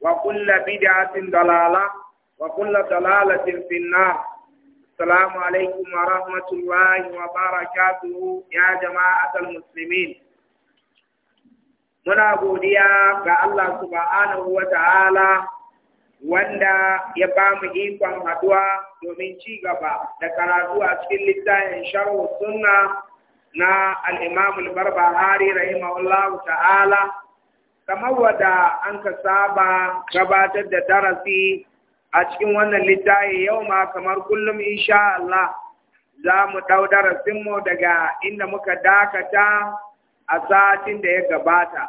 وكل بدعة ضلالة وكل ضلالة في النار السلام عليكم ورحمة الله وبركاته يا جماعة المسلمين muna godiya ga Allah subhanahu wa ta'ala wanda ya ba mu ikon haduwa domin ci gaba da karatu a cikin littafin sharhu sunna na al-Imam al-Barbahari rahimahullahu ta'ala kamar wada an ka saba gabatar da darasi a cikin wannan littafi yau ma kamar kullum insha Allah za mu ɗau darasinmu daga inda muka dakata a satin da ya gabata.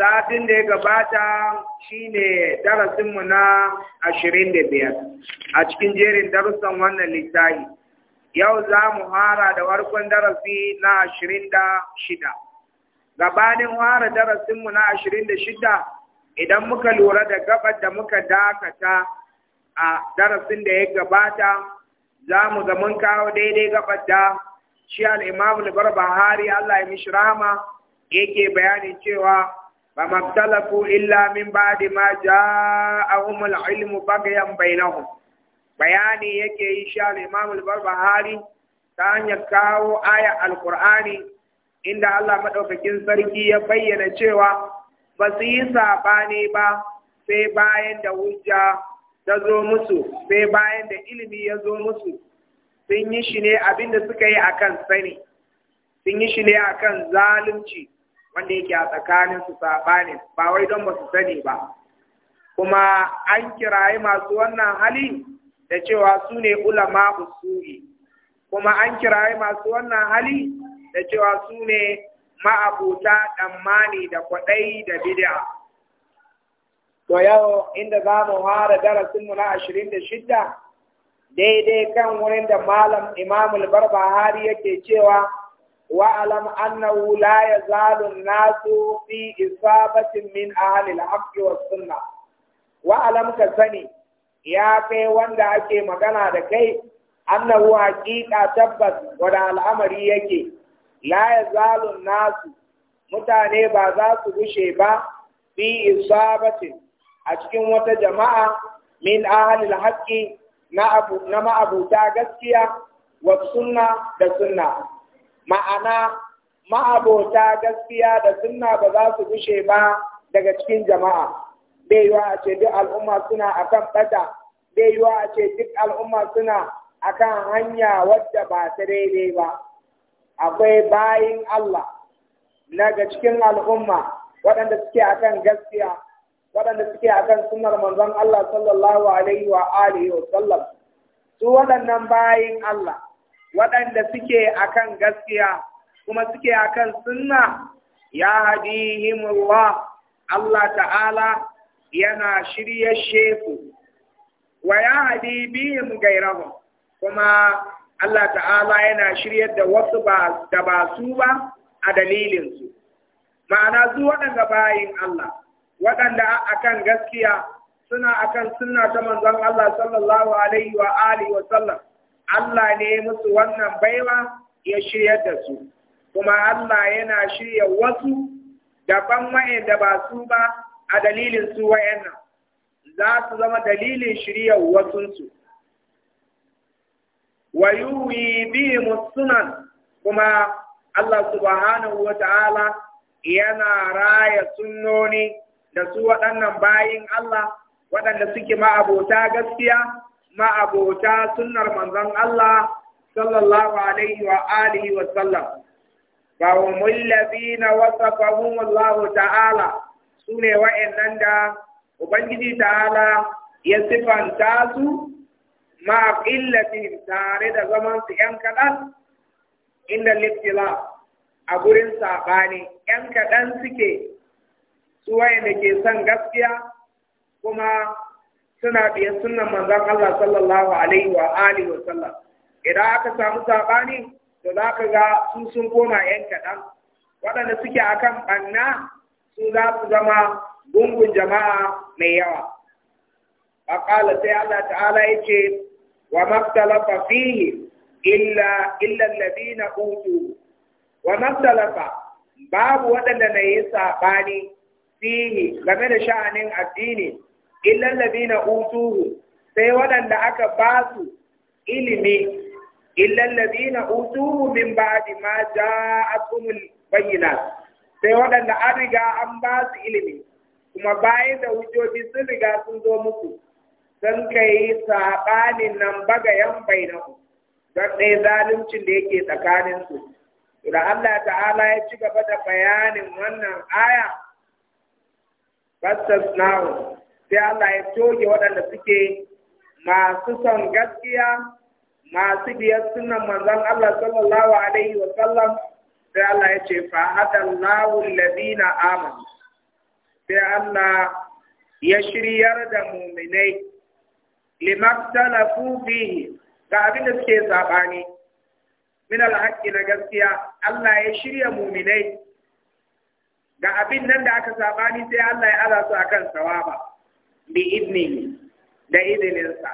Satin da ya gabata shine darasinmu na ashirin biyar a cikin jerin darussan wannan littafi. Yau za mu hara da warkon darasi na ashirin shida. gabanin fara darasinmu na ashirin da shida idan muka lura da gabar da muka dakata a darasin da ya gabata za mu ga mun kawo daidai gabar da shi al'imamu barbahari Allah ya mishi rahama yake bayani cewa ba mabtalafu illa min ba'di ma ja'ahumul ilmu bagayan bainahu bayani yake yi shi al'imamu barbahari ta hanyar kawo aya qurani inda Allah maɗaukakin sarki ya bayyana cewa ba su yi saɓani ba sai bayan da hujja ta zo musu sai bayan da ilimi ya zo musu sun yi shi ne abin da suka yi akan sani sun yi shi ne akan zalunci wanda yake a tsakanin su saɓani, ba wai don ba su sani ba kuma an kirayi masu wannan hali da cewa su ne ulama su kuma an kirayi masu wannan hali da cewa su ne ma'abuta tsammani da kwaɗai da bid'a. To yau inda za mu fara darasinmu na ashirin da shidda daidai kan wurin da malam imamul har yake cewa wa'alam annahu la yazalu nasu fi isabatin min ahli al wa was wa wa'alam ka sani ya kai wanda ake magana da kai annahu haqiqa tabbas wada al'amari yake la zalun nasu mutane ba za su gushe ba fi isabatin a cikin wata jama'a min ahlil haqqi na abu na ma'abuta gaskiya wa sunna da sunna ma'ana ma'abota gaskiya da sunna ba za su gushe ba daga cikin jama'a bai yiwa a ce duk al'umma suna akan bata bai yiwa a ce duk al'umma suna akan hanya wadda ba ta daidai ba akwai bayin Allah na ga cikin al'umma waɗanda suke akan gaskiya waɗanda suke akan sunar manzon Allah sallallahu alaihi wa alihi wa sallam su waɗannan bayin Allah waɗanda suke kan gaskiya kuma suke kan sunna ya hadihimullah Allah ta'ala yana shirye shefu wa ya hadi bihim gairahum kuma Allah ta'ala yana shiryar da wasu ba da ba su ba a dalilinsu ma'ana su waɗanda bayin Allah waɗanda akan gaskiya suna akan sunna ta manzon Allah sallallahu alaihi wa alihi wa sallam Allah ne musu wannan baiwa ya shiryar da su kuma Allah yana shirya wasu daban da ba su ba a dalilin su nan, za su zama dalilin shiryar wasunsu wa yuwi bihim sunan kuma Allah subhanahu wa ta'ala yana raya sunnoni da su waɗannan bayin Allah waɗanda suke ma'abota gaskiya ma'abota sunnar manzon Allah sallallahu alaihi wa alihi wa sallam فهم الذين وصفهم الله تعالى سنة وإن أنت وبنجي تعالى يصف أن ma illati tare da zaman su yan kaɗan inda liftila a gurin saɓani yan kaɗan suke su wayanda ke son gaskiya kuma suna biyan sunan manzon Allah sallallahu alaihi wa alihi wa sallam idan aka samu saɓani to za ka ga su sun koma yan kaɗan waɗanda suke akan banna su za su zama gungun jama'a mai yawa. Akala sai Allah ta'ala ya ce, wa maktalafa fihi illa illa alladhina utu wa maktalafa babu waɗanda na yi saɓani fihi game da sha'anin addini illa alladhina utuhu sai waɗanda aka ba su ilimi illa alladhina utuhu min ba'di ma ja'akumul bayyinat sai waɗanda an riga an ba su ilimi kuma bayan da hujjoji sun riga sun zo muku sun kai sabanin nan bagayen bainahu don ɗaya zaluncin da yake tsakaninsu. Da Allah ta'ala ya ci gaba da bayanin wannan aya, Fastas nawo sai Allah ya toge waɗanda suke masu son gaskiya, masu biyar sunan manzon Allah sallallahu Alaihi wa sallam. sai Allah ya ce, Fa'adan Lahun Labina amanu sai Allah ya shiryar da muminai. limaktalafu fihi ga abin da suke sabani min alhaqqi na gaskiya Allah ya shirya muminai ga abin nan da aka sabani sai Allah ya ala su akan sawaba bi idnihi da idininsa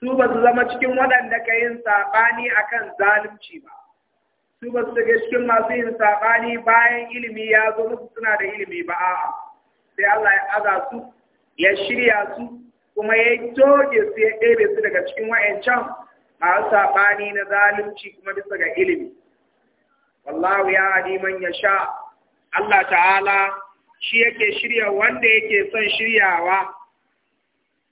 su ba su zama cikin waɗanda ka yin sabani akan zalunci ba su ba su cikin masu yin saɓani bayan ilimi ya zo musu suna da ilimi ba a'a sai Allah ya aza su ya shirya su kuma ya yi doge su ya ɗebe su daga cikin wa'ancan masu saɓani na zalunci kuma bisa ga ilimi wallahu ya hadi ya sha Allah ta'ala shi yake shirya wanda yake son shiryawa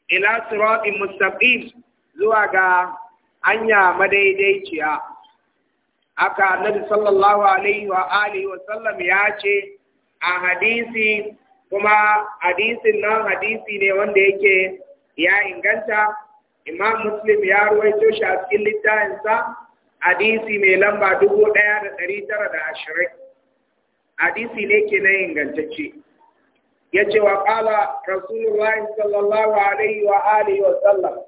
ila siratin mustaqim zuwa ga hanya madaidaiciya aka annabi sallallahu alaihi wa alihi wa sallam ya ce a hadisi kuma hadisin nan hadisi ne wanda yake ya inganta imam muslim ya ruwaito shi a cikin littafinsa hadisi mai lamba dubu ɗaya da ɗari tara da ashirin hadisi ne ke na ingantacce ya ce wa ƙala rasulullahi sallallahu alaihi wa alihi wa sallam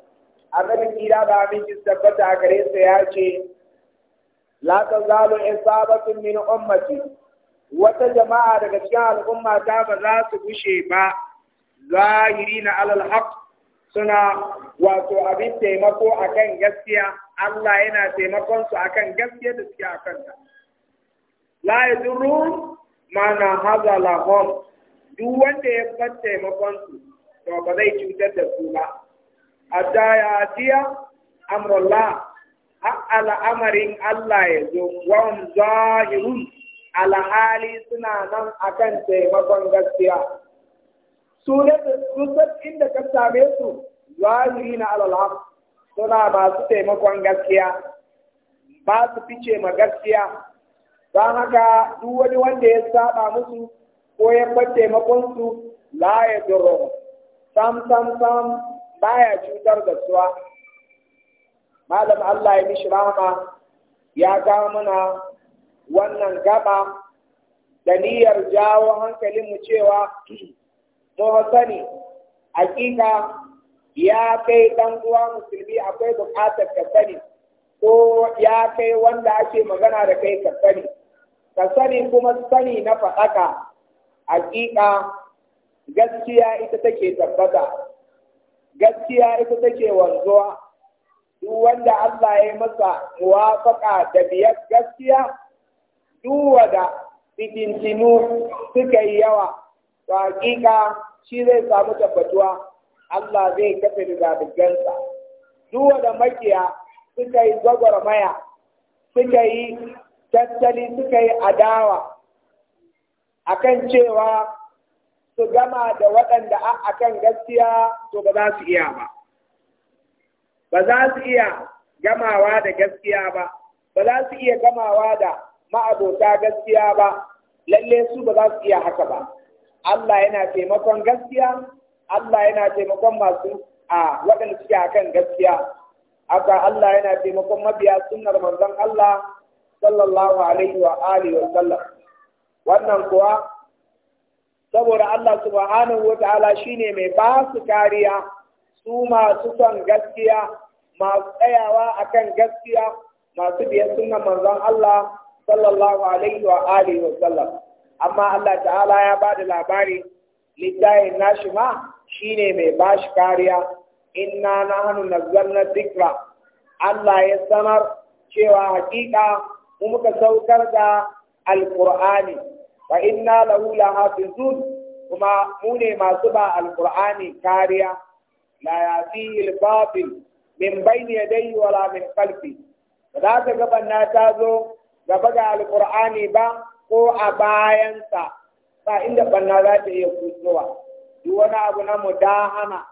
annabi kira da aminci tabbata a gare sa ya ce la tazalu isabatun min ummati wata jama'a daga cikin al'umma ta ba za su gushe ba na alal haqq suna wato abin taimako akan gaskiya Allah yana taimakon su akan gaskiya da suke a kanta. la yadurru mana haza lahum duk wanda ya bar taimakon su to ba zai cutar da su ba hatta ya tiya a al'amarin Allah ya zo wa zahirun alhali suna nan akan taimakon gaskiya sun inda ka same su zahiri na alalhaq suna masu taimakon gaskiya ba su fice ma gaskiya don haka duk wani wanda ya saba musu ko ya bar taimakon su la ya duro sam sam sam baya cutar da suwa malam Allah ya mishi rahama ya ga mana wannan gaba da niyyar jawo mu cewa muhsani hakika ya kai dan uwa musulmi akwai buƙatar ka sani ko ya kai wanda ake magana da kai ka sani ka sani kuma sani na faɗaka hakika gaskiya ita take tabbata gaskiya ita take wanzuwa duk wanda Allah ya masa muwafaka da biyar gaskiya duk wanda fitintinu suka yi yawa to hakika shi zai samu tabbatuwa Allah zai kafe rigadigansa duk da makiya suka yi gwagwarmaya suka yi tattali suka yi adawa akan cewa su gama da waɗanda a kan gaskiya to ba za su iya ba ba za su iya gamawa da gaskiya ba ba za su iya gamawa da ma'abota gaskiya ba lalle su ba za su iya haka ba Allah yana taimakon gaskiya Allah yana taimakon masu a waɗanda suke kan gaskiya haka Allah yana taimakon mabiya sunnar manzon Allah sallallahu alaihi wa alihi wa sallam wannan kuwa saboda Allah subhanahu wa ta'ala ne mai ba su kariya su masu son gaskiya masu tsayawa kan gaskiya masu biyan sunan manzon Allah sallallahu alaihi wa alihi wa sallam amma Allah ta'ala ya ba da labari littayin nashi ma ne mai ba shi kariya inna nahnu na dikra Allah ya sanar cewa hakika mu muka saukar da alkur'ani wa inna lahu lahafizun kuma mu ne masu ba alkur'ani kariya la yatihi al-batil min bayni yadayhi wala min khalfi ba za ka gaban na ta zo gaba ga alkur'ani ba ko a bayansa ba inda banna za ta iya kusowa duk wani abu na mudahana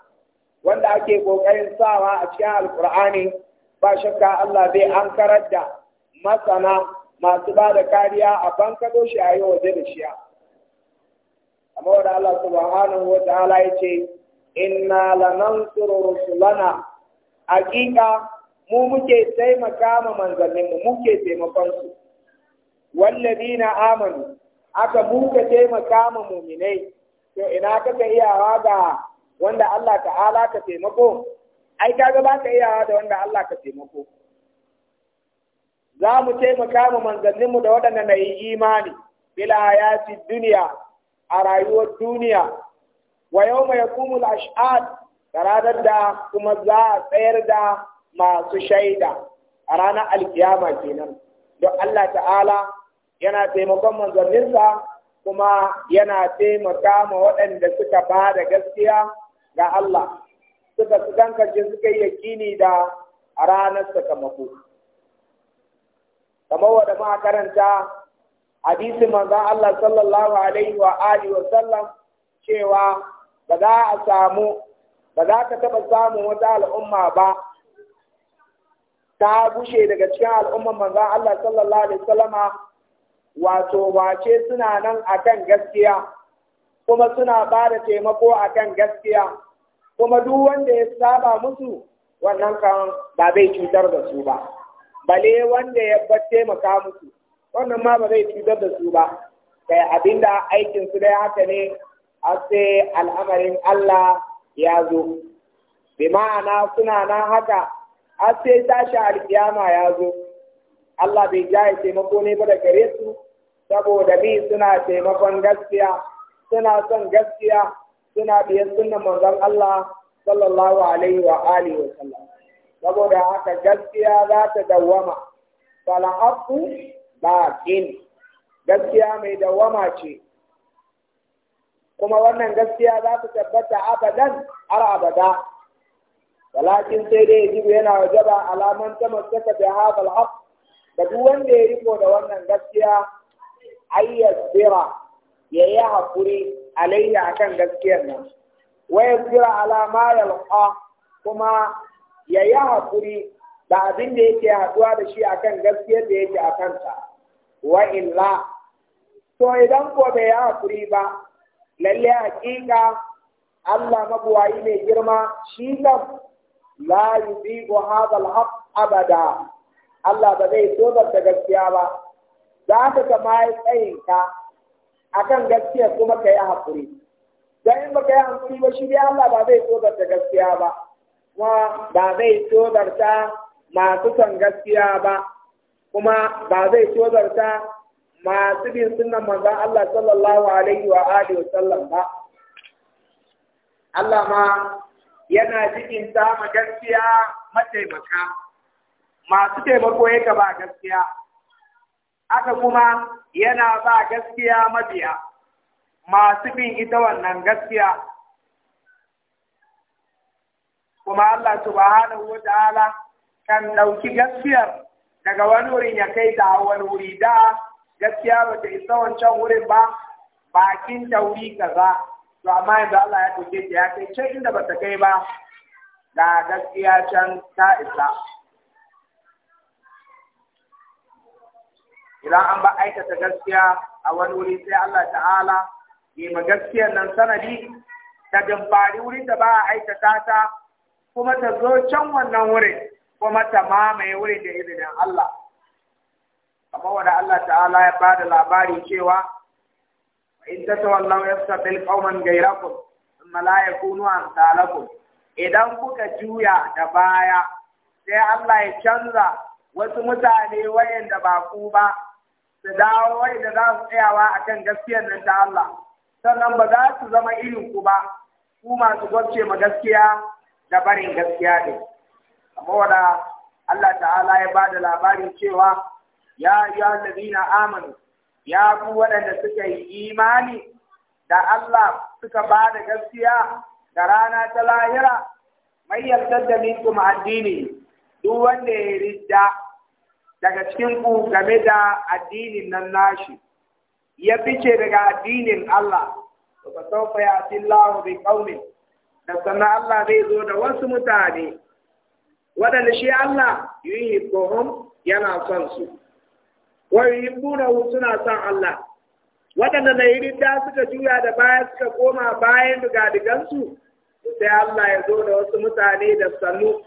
wanda ake kokarin sawa a cikin alkur'ani ba shakka Allah zai an karar da masana masu ba da kariya a bankaɗo shi a yi waje da shiya amma wanda Allah subhanahu wa ta'ala ya ce inna lanansuru rusulana haƙiƙa mu muke taimaka ma manzanninmu muke taimakon su na amanu aka buka taimaka ma muminai to ina kaka iyawa ga wanda Allah ta'ala ka taimako ai kaga ba ka iyawa da wanda Allah ka taimako za mu taimaka ma mu da waɗanda na yi imani bila hayati duniya a rayuwar duniya wa yau mai kumul ash'ad da ranar da kuma za a tsayar da masu shaida a ranar alkiyama kenan don Allah ta'ala yana taimakon manzanninsa kuma yana taimaka ma waɗanda suka ba da gaskiya ga Allah suka su dankarci suka yi yakini da ranar sakamako kamar wadda ma karanta hadisi manzan Allah sallallahu alaihi wa alihi wa sallam cewa ba za a samu ba za ka taɓa samun wata al'umma ba ta bushe daga cikin al'umman manzan Allah sallallahu alaihi wa sallama wato wace suna nan akan gaskiya kuma suna ba da taimako akan gaskiya kuma duk wanda ya saba musu wannan kan ba zai cutar da su ba bale wanda ya bar taimaka musu wannan ma ba zai cutar da su ba kai abinda aikin su dai haka ne a sai al'amarin Allah ya zo bi ma'ana suna nan haka a sai tashi alkiyama ya zo Allah bai jaye taimako ne ba da gare su saboda bi suna taimakon gaskiya suna son gaskiya suna biyan sunan manzon Allah sallallahu alaihi wa alihi wa sallam saboda haka gaskiya za ta dawwama falahaqu baqin gaskiya mai dawwama ce kuma wannan gaskiya za ta tabbata abadan har abada walakin sai dai yaji yana wajaba alaman ta masaka da hadal haq da duk wanda ya riko da wannan gaskiya ay yasbira ya yi haƙuri alayya akan gaskiyar nan wa yasbira alama ma kuma ya yi haƙuri da abin da yake haɗuwa da shi akan gaskiyar da yake a kansa wa illa to idan ko bai yi hakuri ba lalle haƙiƙa Allah mabuwayi mai girma shi kan. la yubiqu hadha al abada Allah ba zai so da gaskiya ba za ka kama ya tsayin ka akan gaskiya kuma ka yi haƙuri dan in baka yi haƙuri ba shi Allah ba zai tozarta gaskiya ba kuma ba zai tozarta masu son gaskiya ba kuma ba zai tozarta masu bin sunan manza Allah sallallahu alaihi wa alihi sallam ba Allah ma yana jikin ma gaskiya mataimaka masu taimako yake ba gaskiya aka kuma yana ba gaskiya mabiya masu bin ita wannan gaskiya kuma Allah subhanahu wa ta'ala kan ɗauki gaskiyar daga wani wurin ya kai ta wani wuri da gaskiya ba ta isa wancan wurin ba bakin ta wuri kaza to amma yanzu Allah ya ɗauke ta ya kai can inda ba ta kai ba da gaskiya can ta isa idan an ba aikata gaskiya a wani wuri sai Allah ta'ala yi ma gaskiyar nan sanadi ta dimfari wuri da ba a aikata ta kuma ta zo can wannan wurin kuma ta mamaye wuri da izinin Allah kamar wanda Allah ta'ala ya ba da labari cewa in ta tawallau bil qauman ghayrakum amma la yakunu amsalakum idan kuka juya da baya sai Allah ya canza wasu mutane wayanda ba ku ba su dawo wanda za su tsayawa a kan gaskiyar nan ta Allah sannan ba za su zama irin ku ba ku masu gwabce ma gaskiya da barin gaskiya ne saboda Allah ta'ala ya bada labarin cewa ya yi ladina amanu ya ku waɗanda suka yi imani da Allah suka ba da gaskiya da rana ta lahira mai yarda da minkum addini duk wanda ya ridda daga cikin ku game da addinin nan nashi ya fice daga addinin Allah to fa ya ya'ti bi qaumin da sannan Allah zai zo da wasu mutane wadanda shi Allah yi kohum yana son su wa yuhibbunahu suna son Allah waɗanda na yi ridda suka juya da baya suka koma bayan su? sai Allah ya zo da wasu mutane da sannu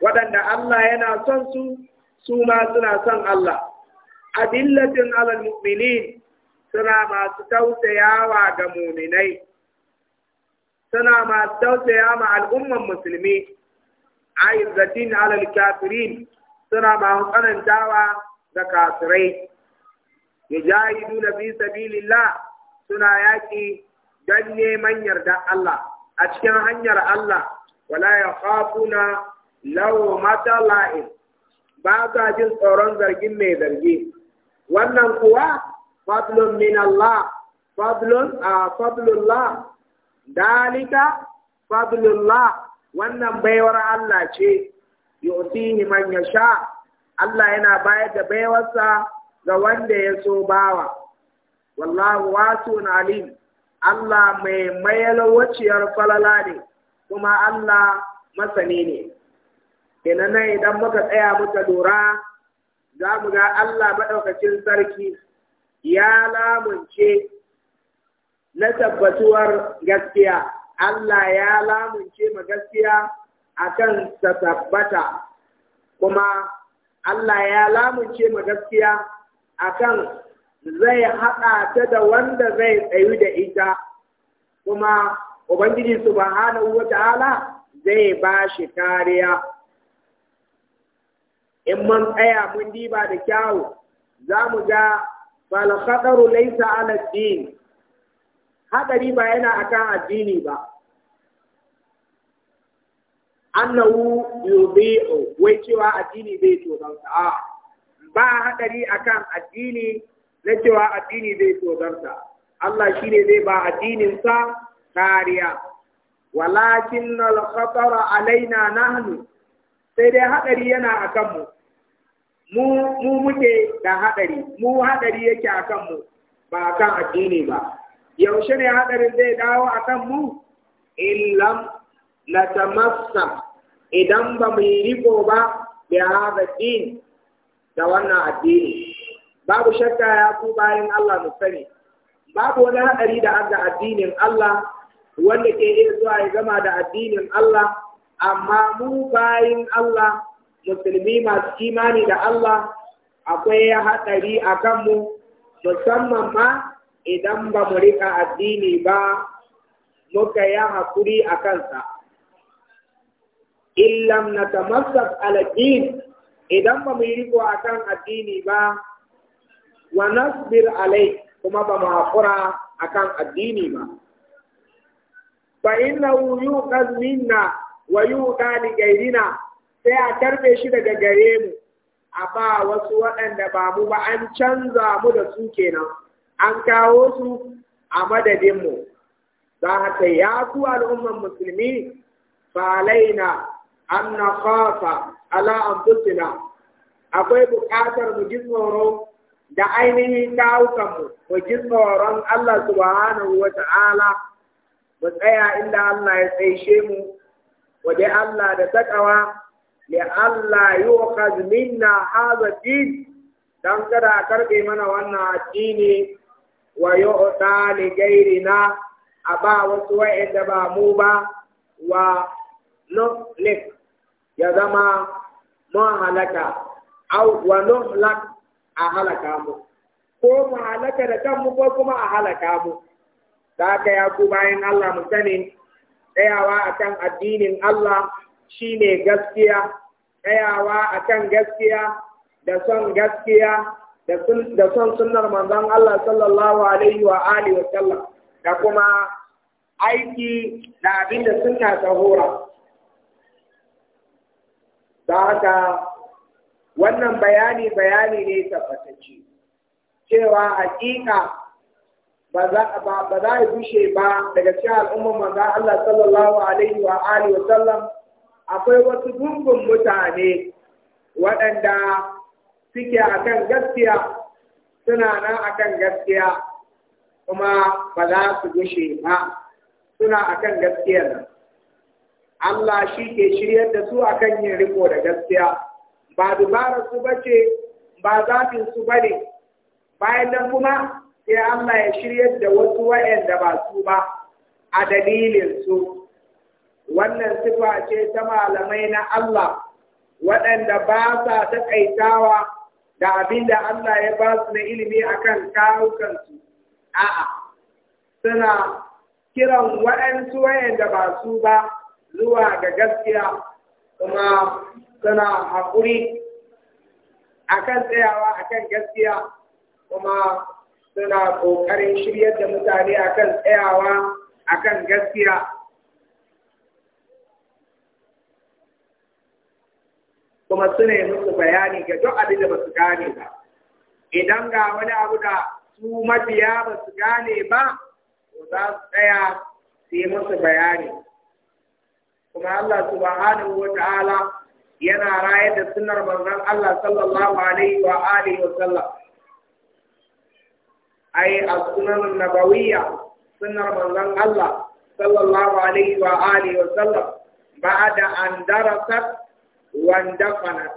waɗanda Allah yana son su su ma suna son Allah adillatin alal mu'minin suna masu tausayawa ga muminai suna masu tausaya ma al'umman musulmi aizzatin alal kafirin suna masu tsanantawa da kafirai yujahiduna fi sabilillah suna yaƙi don neman yarda Allah a cikin hanyar Allah wala yakhafuna law mata ba sa jin tsoron zargin mai zargi wannan kuwa fadlun min Allah fadlun a fadlullah dalika fadlullah wannan baiwar Allah ce yu'tihi man sha. Allah yana bayar da baiwarsa ga wanda ya so bawa wallahu na alim Allah mai mayalawaciyar waciyar falala ne kuma Allah masani ne kenan nan idan muka tsaya muka lura za mu ga Allah maɗaukacin sarki ya lamunce na tabbatuwar gaskiya Allah ya lamunce ma gaskiya akan ta tabbata kuma Allah ya lamunce ma gaskiya akan zai haɗa ta da wanda zai tsayu da ita kuma Ubangiji subhanahu wa ta'ala zai ba shi kariya. in man tsaya mun diba da kyawu za mu ga falakadaru laisa ala din hadari ba yana akan addini ba annahu yudhi'u wai cewa addini bai tozarta a ba hadari akan addini na cewa addini bai tozarta Allah shine zai ba addinin sa kariya walakin al khatara alaina nahnu sai dai hadari yana akan mu mu muke da haɗari mu haɗari yake a mu ba a kan addini ba yaushe ne haɗarin zai dawo akan mu illam na tamassa idan ba mu yi riko ba da haɗa din da wannan addini babu shakka ya ku bayan Allah mu sani babu wani haɗari da aka addinin Allah wanda ke iya zuwa ya gama da addinin Allah amma mu bayan Allah musulmi masu kimani da Allah akwai haɗari a kanmu musamman ma idan ba mu rika addini ba muka yi haƙuri a kansa. Illam na tamassaf idan ba mu yi riko a kan addini ba wa nasbir alai kuma ba mu haƙura a kan addini ba. Fa inna yuqaz minna wa yuqa gairina sai a tarbe shi daga gare mu a ba wasu waɗanda ba mu ba an canza mu da su kenan an kawo su a madadin mu a haka ya ku al'umman musulmi falaina an na kafa ala anfusina akwai buƙatar mu ji tsoro da ainihin kawukanmu mu ji tsoron Allah subhanahu wa ta'ala mu tsaya inda Allah ya tsaishe mu waje Allah da takawa ya Allah yi wa kazmin na haza ci don a karfe mana wannan haƙi ne wa yi wa na a ba wasu wa’i ba mu ba wa nuflik ya zama mu halaka au a halaka mu ko mu halaka da kanmu ko kuma a halaka mu ta ka ya ku bayan Allah mutane ɗayawa a kan addinin Allah Shi ne gaskiya tsayawa akan gaskiya da son gaskiya da son sunar manzon Allah sallallahu alaihi wa alihi wa sallam da kuma aiki da abin da sun ta hura. da haka wannan bayani bayani ne tabbatacce cewa hakika ba za a bushe ba daga cikin al'ummar manzon Allah sallallahu alaihi wa alihi wa sallam akwai wasu gungun mutane waɗanda suke a kan gaskiya suna a kan gaskiya kuma ba za su gushe ba suna kan gaskiyar Allah shi ke shiryar da su akan yin riko da gaskiya ba dubara su bace ba zafin su bane bayan nan kuma sai Allah ya shiryar da wasu da ba su ba a dalilin su wannan sifa ce ta malamai na Allah waɗanda ba sa taƙaitawa da abin da Allah ya ba su na ilimi a kan kawukansu a'a suna kiran waɗansu wayanda ba su ba zuwa ga gaskiya kuma suna haƙuri akan tsayawa akan gaskiya kuma suna ƙoƙarin shiryar da mutane kan tsayawa akan gaskiya kuma suna yi musu bayani ga duk abin da ba su gane ba idan ga wani abu da su mabiya ba su gane ba za su tsaya su yi musu bayani kuma Allah subhanahu wa ta'ala yana rayar da sunar manzon Allah sallallahu alaihi wa alihi wa sallam ai as-sunan nabawiyya sunar manzon Allah sallallahu alaihi wa alihi wa sallam ba'da an darasat wanda fana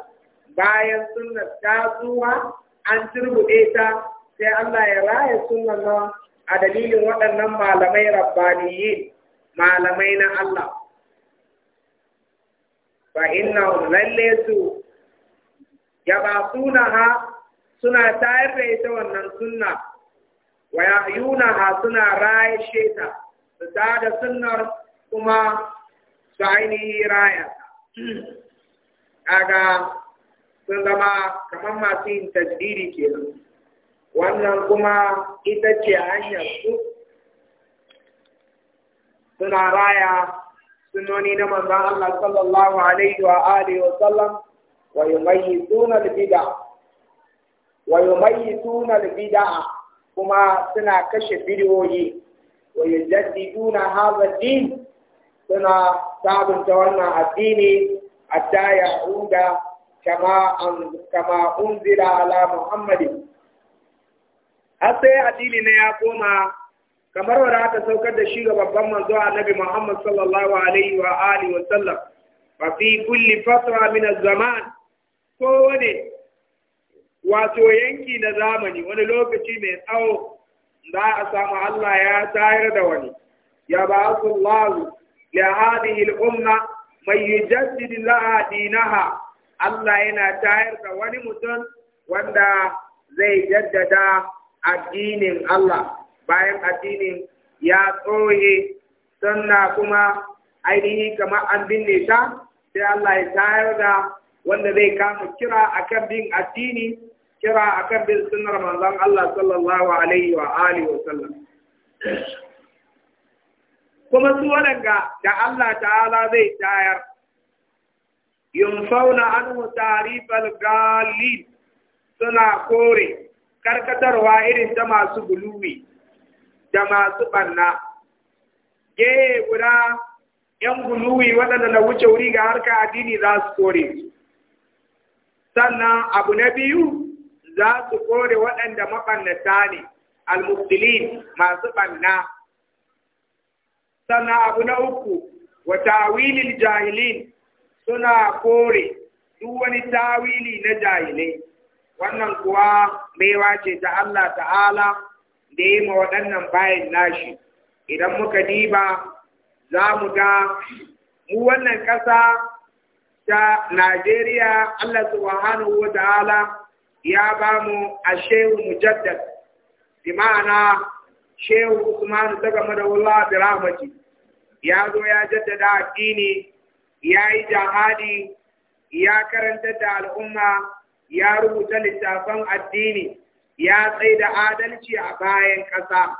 bayan sunna ta zuwa an turbuɗe ta sai Allah ya raya sunan nan a dalilin waɗannan malamai rabbaniyi malamai na Allah fa inna lalle su ba suna tayar da ita wannan sunna wa ha suna raya sheta, su da sunnar kuma su ainihi raya kaga sun zama kamar masu yin tasiri kenan wannan kuma ita ce hanyar su suna raya sunoni na manzan Allah sallallahu alaihi wa alihi wa sallam wa yumayyituna al-bid'a wa bida kuma suna kashe bidiyoyi wa yujaddiduna hadha din suna sabunta wannan addini hatta ya uda kama kama unzila ala muhammadin har sai addini na ya koma kamar wanda aka saukar da shi ga babban manzo annabi Muhammad sallallahu alaihi wa alihi wa sallam fa fi kulli fatra ko wani wato yanki na zamani wani lokaci mai tsawo za a samu Allah ya tayar da wani ya ba'athu Allah li hadhihi al-umma mai yi laha la'adinaha. Allah yana tayar da wani mutum wanda zai jaddada addinin Allah bayan addinin ya tsoye sannan kuma ainihi kamar an binne ta sai Allah ya tayar da wanda zai kama kira akan bin addini kira akan bin sunnar manzon Allah sallallahu alaihi wa alihi wa sallam kuma su waɗanda da Allah ta'ala zai tayar yunfauna an tarifal galil suna kore karkatarwa irin ta masu bulumi da masu ɓanna. Ge guda ‘yan bulumi waɗanda na wuce wuri ga harka addini za su kore Sannan abu na biyu za su kore waɗanda maɓannata ne, almustilin masu ɓanna. sannan abu na uku wa ta'wilil jahilin suna kore duk wani tawili na jahilai wannan kuwa mai ce ta Allah ta'ala da yi ma waɗannan bayan nashi idan muka diba za mu ga mu wannan ƙasa ta Najeriya Allah subhanahu wa ta'ala ya ba mu a shehu mujaddad bi ma'ana shehu Usman ta game da Allah bi ya zo ya jaddada addini ya yi jihadi ya karanta da al'umma ya rubuta littafan addini ya tsaye da adalci a bayan ƙasa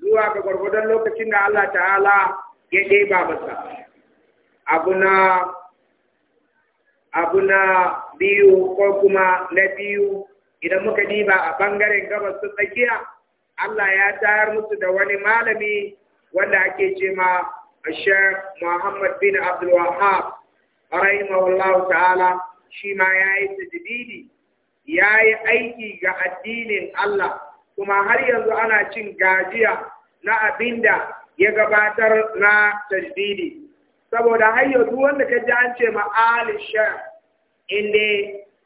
zuwa ga gwargwadon lokacin da Allah ta'ala ya ɗeba masa abu na biyu ko kuma na biyu idan muka diba a ɓangaren gabas ta tsakiya Allah ya tayar musu da wani malami wanda ake ce ma الشيخ محمد بن عبد الوهاب ta'ala shima تعالى شيما ياي تجديدي yayi aiki ga addinin Allah kuma har yanzu ana cin gajiya na abinda ya gabatar na tajdidi saboda har yanzu wanda ka ji an ce ma Ali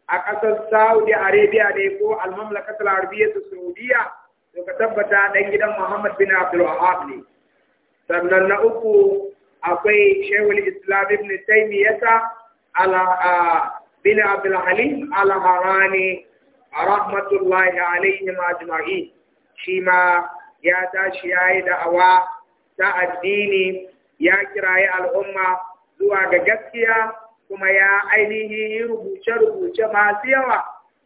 a ƙasar Saudi Arabia ne ko al-Mamlakatul Arabiyyah Saudiya to ka tabbata ɗan gidan Muhammad bin Abdulwahab ne sannan na uku akwai shehul islam ibn taymiyata ala bin abdul halim al harani rahmatullahi alaihim jima'i. shi ma ya tashi yayi da'awa ta addini ya kiraye al'umma zuwa ga gaskiya kuma ya ainihi rubuce-rubuce masu yawa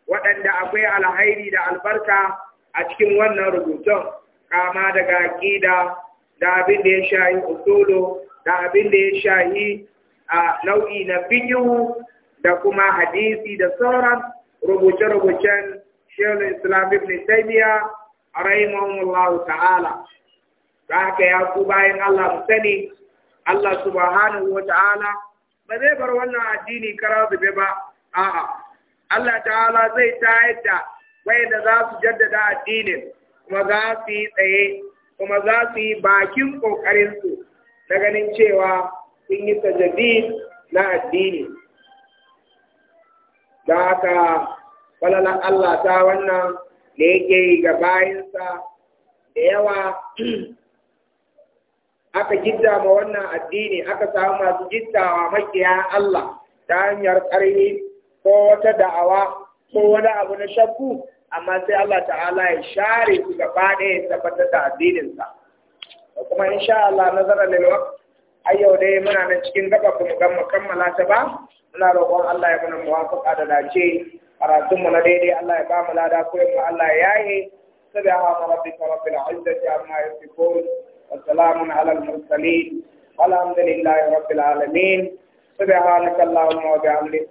waɗanda akwai alhairi da albarka a cikin wannan rubutun kama daga aƙida da abin da ya shahi usulu da abin da ya shayi a nau'i na fikihu da kuma hadisi da sauran rubuce-rubucen shirin islam ibn taymiya ta'ala da haka ya ku bayan Allah mu sani Allah subhanahu wa ta'ala ba zai bar wannan addini kara ba a'a Allah ta'ala zai tayar da wayanda za su jaddada addinin kuma za su yi tsaye kuma za su yi bakin ƙoƙarinsu na ganin cewa sun yi tajadid na addini da haka falalan Allah ta wannan da yake yi ga bayansa da yawa aka gidda ma wannan addini aka samu masu giddawa makiya Allah ta hanyar ƙarni ko wata da'awa ko wani abu na shakku amma sai Allah ta'ala ya share su gaba ɗaya ya tabbatar da addininsa da kuma insha Allah nazarar lil ai yau dai muna nan cikin gaba kuma mu kammala ta ba muna roƙon Allah ya muna muwafaqa da dace karatun mu na daidai Allah ya ba mu lada ko Allah ya yaye subhana rabbika rabbil izzati amma ko, wa na alal mursalin walhamdulillahi rabbil alamin subhanaka allahumma wa bihamdika